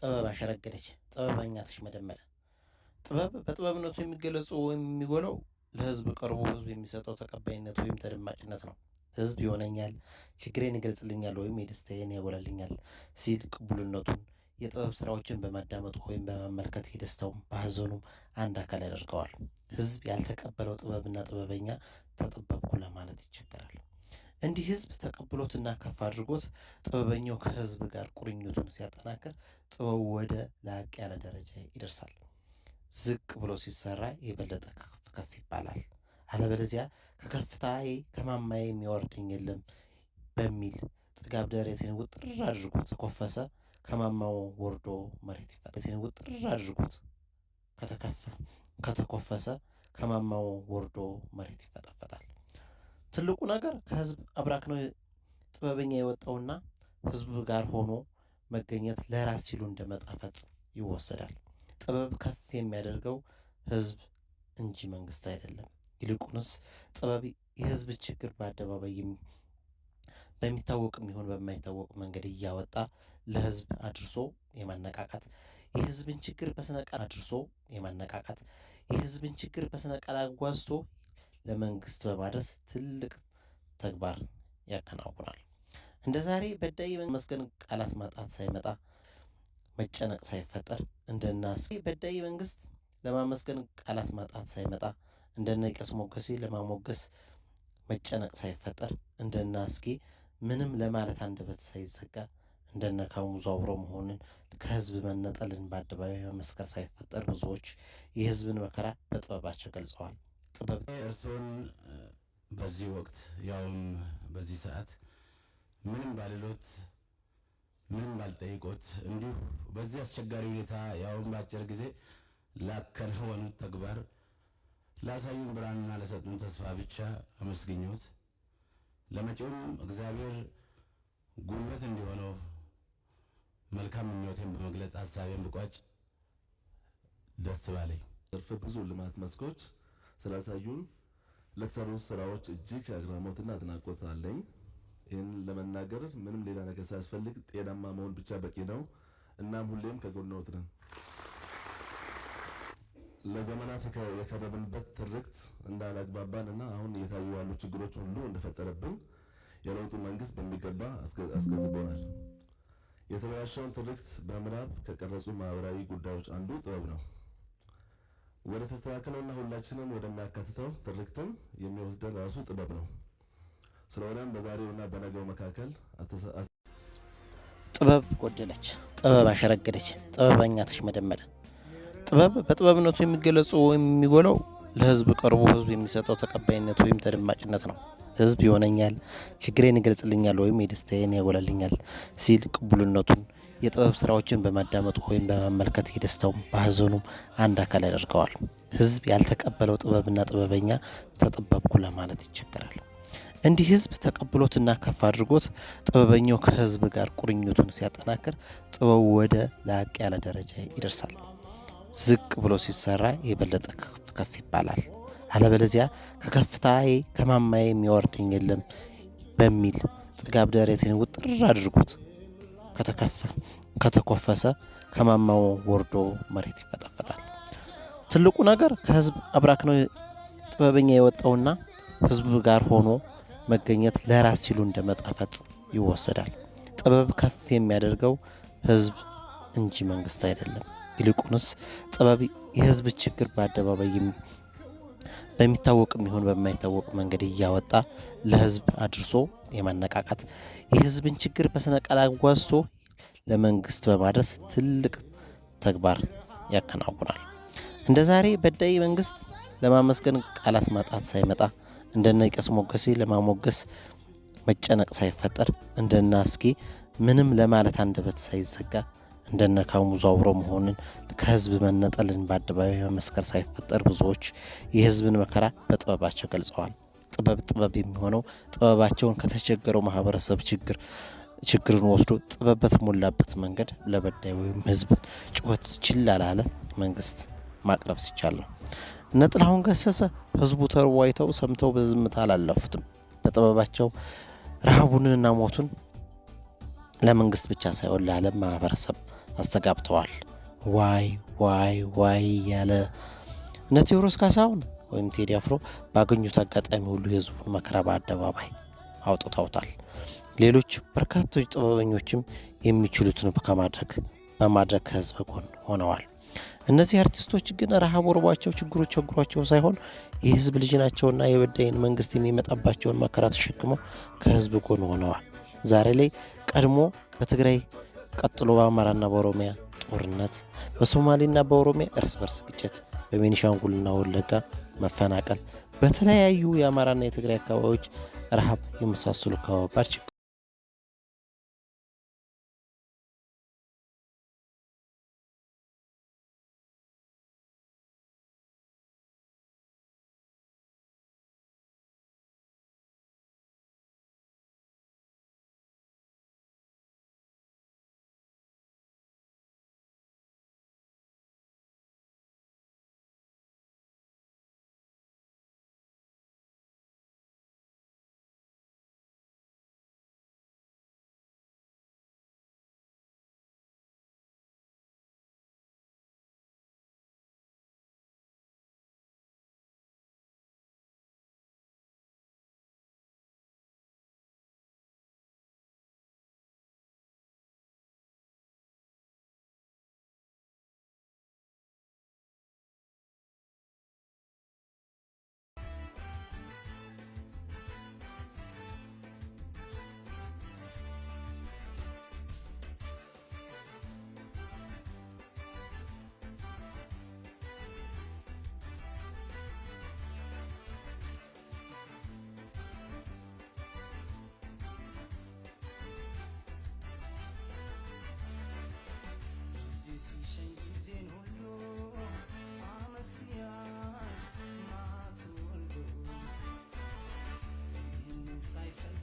ጥበብ አሸረገደች፣ ጥበበኛ ተሽመደመደ። ጥበብ በጥበብነቱ የሚገለጹ ወይም የሚጎለው ለህዝብ ቀርቦ ህዝብ የሚሰጠው ተቀባይነት ወይም ተደማጭነት ነው። ህዝብ ይሆነኛል፣ ችግሬን ይገልጽልኛል፣ ወይም የደስታዬን ያጎላልኛል ሲል ቅቡልነቱን የጥበብ ስራዎችን በማዳመጡ ወይም በመመልከት የደስታውም በሀዘኑም አንድ አካል ያደርገዋል። ህዝብ ያልተቀበለው ጥበብና ጥበበኛ ተጠበብኩ ለማለት ይቸገራል። እንዲህ ህዝብ ተቀብሎትና ከፍ አድርጎት ጥበበኛው ከህዝብ ጋር ቁርኝቱን ሲያጠናክር ጥበቡ ወደ ላቅ ያለ ደረጃ ይደርሳል። ዝቅ ብሎ ሲሰራ የበለጠ ከፍ ከፍ ይባላል። አለበለዚያ ከከፍታዬ ከማማዬ የሚያወርደኝ የለም በሚል ጥጋብ ደረቴን ውጥር አድርጎት ተኮፈሰ። ከማማው ወርዶ መሬት ይፈጠን ውጥር አድርጎት ከተከፈ ከተኮፈሰ ከማማው ወርዶ መሬት ይፈጠፈጣል። ትልቁ ነገር ከህዝብ አብራክ ነው ጥበበኛ የወጣውና ህዝብ ጋር ሆኖ መገኘት ለራስ ሲሉ እንደ መጣፈጥ ይወሰዳል። ጥበብ ከፍ የሚያደርገው ህዝብ እንጂ መንግስት አይደለም። ይልቁንስ ጥበብ የህዝብ ችግር በአደባባይ በሚታወቅ የሚሆን በማይታወቅ መንገድ እያወጣ ለህዝብ አድርሶ የማነቃቃት የህዝብን ችግር በስነ ቃል አድርሶ የማነቃቃት የህዝብን ችግር በስነ ቃል አጓዝቶ ለመንግስት በማድረስ ትልቅ ተግባር ያከናውናል። እንደ ዛሬ በዳይ መስገን ቃላት ማጣት ሳይመጣ መጨነቅ ሳይፈጠር እንደና በዳይ መንግስት ለማመስገን ቃላት ማጣት ሳይመጣ እንደነ ቄስ ሞገሴ ለማሞገስ መጨነቅ ሳይፈጠር እንደና አስጌ ምንም ለማለት አንደበት ሳይዘጋ እንደነ ካሙዙ አብሮ መሆንን ከህዝብ መነጠልን በአደባባይ መመስከር ሳይፈጠር ብዙዎች የህዝብን መከራ በጥበባቸው ገልጸዋል። ጥበብ እርስዎን በዚህ ወቅት ያውም በዚህ ሰዓት ምንም ባልሎት ምንም ባልጠይቆት እንዲሁ በዚህ አስቸጋሪ ሁኔታ ያውም በአጭር ጊዜ ላከናወኑት ተግባር ላሳዩን ብርሃንና ለሰጡን ተስፋ ብቻ አመስግኞት ለመጪውም እግዚአብሔር ጉልበት እንዲሆነው መልካም ምኞቴን በመግለጽ ሀሳቤን ብቋጭ ደስ ባለኝ። ዘርፈ ብዙ ልማት መስኮች ስላሳዩን ለተሰሩ ስራዎች እጅግ አግራሞትና አድናቆት አለኝ። ይህን ለመናገር ምንም ሌላ ነገር ሳያስፈልግ ጤናማ መሆን ብቻ በቂ ነው። እናም ሁሌም ከጎንዎት ነን። ለዘመናት የከበብንበት ትርክት እንዳላግባባን እና አሁን እየታዩ ያሉ ችግሮች ሁሉ እንደፈጠረብን የለውጡ መንግስት በሚገባ አስገንዝቦናል። የተበላሸውን ትርክት በምናብ ከቀረጹ ማህበራዊ ጉዳዮች አንዱ ጥበብ ነው። ወደ ተስተካከለውና ሁላችንም ወደሚያካትተው ትርክትም የሚወስደን ራሱ ጥበብ ነው። ስለሆነም በዛሬውና በነገው መካከል ጥበብ ጎደለች፣ ጥበብ አሸረገደች፣ ጥበበኛ ተሽመደመደ። ጥበብ በጥበብነቱ የሚገለጹ ወይም የሚጎለው ለህዝብ ቀርቦ ህዝብ የሚሰጠው ተቀባይነት ወይም ተደማጭነት ነው። ህዝብ ይሆነኛል፣ ችግሬን ይገልጽልኛል፣ ወይም የደስታዬን ያጎላልኛል ሲል ቅቡልነቱን የጥበብ ስራዎችን በማዳመጡ ወይም በመመልከት የደስታውም በሀዘኑም አንድ አካል ያደርገዋል። ህዝብ ያልተቀበለው ጥበብና ጥበበኛ ተጠበብኩ ለማለት ይቸገራል። እንዲህ ህዝብ ተቀብሎትና ከፍ አድርጎት ጥበበኛው ከህዝብ ጋር ቁርኝቱን ሲያጠናክር ጥበቡ ወደ ላቅ ያለ ደረጃ ይደርሳል። ዝቅ ብሎ ሲሰራ የበለጠ ከፍ ከፍ ይባላል። አለበለዚያ ከከፍታዬ ከማማዬ የሚወርድኝ የለም በሚል ጥጋብ ደረቴን ውጥር አድርጎት ከተኮፈሰ ከማማው ወርዶ መሬት ይፈጠፈጣል። ትልቁ ነገር ከህዝብ አብራክ ነው ጥበበኛ የወጣውና ህዝብ ጋር ሆኖ መገኘት ለራስ ሲሉ እንደ መጣፈጥ ይወሰዳል። ጥበብ ከፍ የሚያደርገው ህዝብ እንጂ መንግስት አይደለም። ይልቁንስ ጥበብ የህዝብ ችግር በአደባባይ በሚታወቅ የሚሆን በማይታወቅ መንገድ እያወጣ ለህዝብ አድርሶ የማነቃቃት የህዝብን ችግር በስነ ቃል አጓዝቶ ለመንግስት በማድረስ ትልቅ ተግባር ያከናውናል። እንደ ዛሬ በዳይ መንግስት ለማመስገን ቃላት ማጣት ሳይመጣ እንደነ ቄስ ሞገሴ ለማሞገስ መጨነቅ ሳይፈጠር እንደና አስጌ ምንም ለማለት አንደበት ሳይዘጋ እንደነ ካሙዙ አብሮ መሆንን ከህዝብ መነጠልን በአደባባይ በመስከር ሳይፈጠር ብዙዎች የህዝብን መከራ በጥበባቸው ገልጸዋል። ጥበብ ጥበብ የሚሆነው ጥበባቸውን ከተቸገረው ማህበረሰብ ችግር ችግርን ወስዶ ጥበብ በተሞላበት መንገድ ለበዳይ ወይም ህዝብ ጩኸት ችላ ላለ መንግስት ማቅረብ ሲቻል ነው። እነ ጥላሁን ገሰሰ ህዝቡ ተርዋይተው ሰምተው በዝምታ አላለፉትም። በጥበባቸው ረሃቡንና ሞቱን ለመንግስት ብቻ ሳይሆን ለዓለም ማህበረሰብ አስተጋብተዋል። ዋይ ዋይ ዋይ ያለ እነ ቴዎድሮስ ካሳሁን ወይም ቴዲ አፍሮ ባገኙት አጋጣሚ ሁሉ የህዝቡን መከራ በአደባባይ አውጥተውታል። ሌሎች በርካቶች ጥበበኞችም የሚችሉትን ከማድረግ በማድረግ ከህዝብ ጎን ሆነዋል። እነዚህ አርቲስቶች ግን ረሃብ ወርቧቸው ችግሩ ቸግሯቸው ሳይሆን የህዝብ ልጅ ናቸውና የበዳይን መንግስት የሚመጣባቸውን መከራ ተሸክመው ከህዝብ ጎን ሆነዋል። ዛሬ ላይ ቀድሞ በትግራይ ቀጥሎ በአማራና በኦሮሚያ ጦርነት፣ በሶማሌና በኦሮሚያ እርስ በርስ ግጭት፣ በቤኒሻንጉልና ወለጋ መፈናቀል፣ በተለያዩ የአማራና የትግራይ አካባቢዎች ረሃብ የመሳሰሉ ከባባድ ሲሸኝ ጊዜን ሁሉ አመስያ ማት ወልዶ ይህንን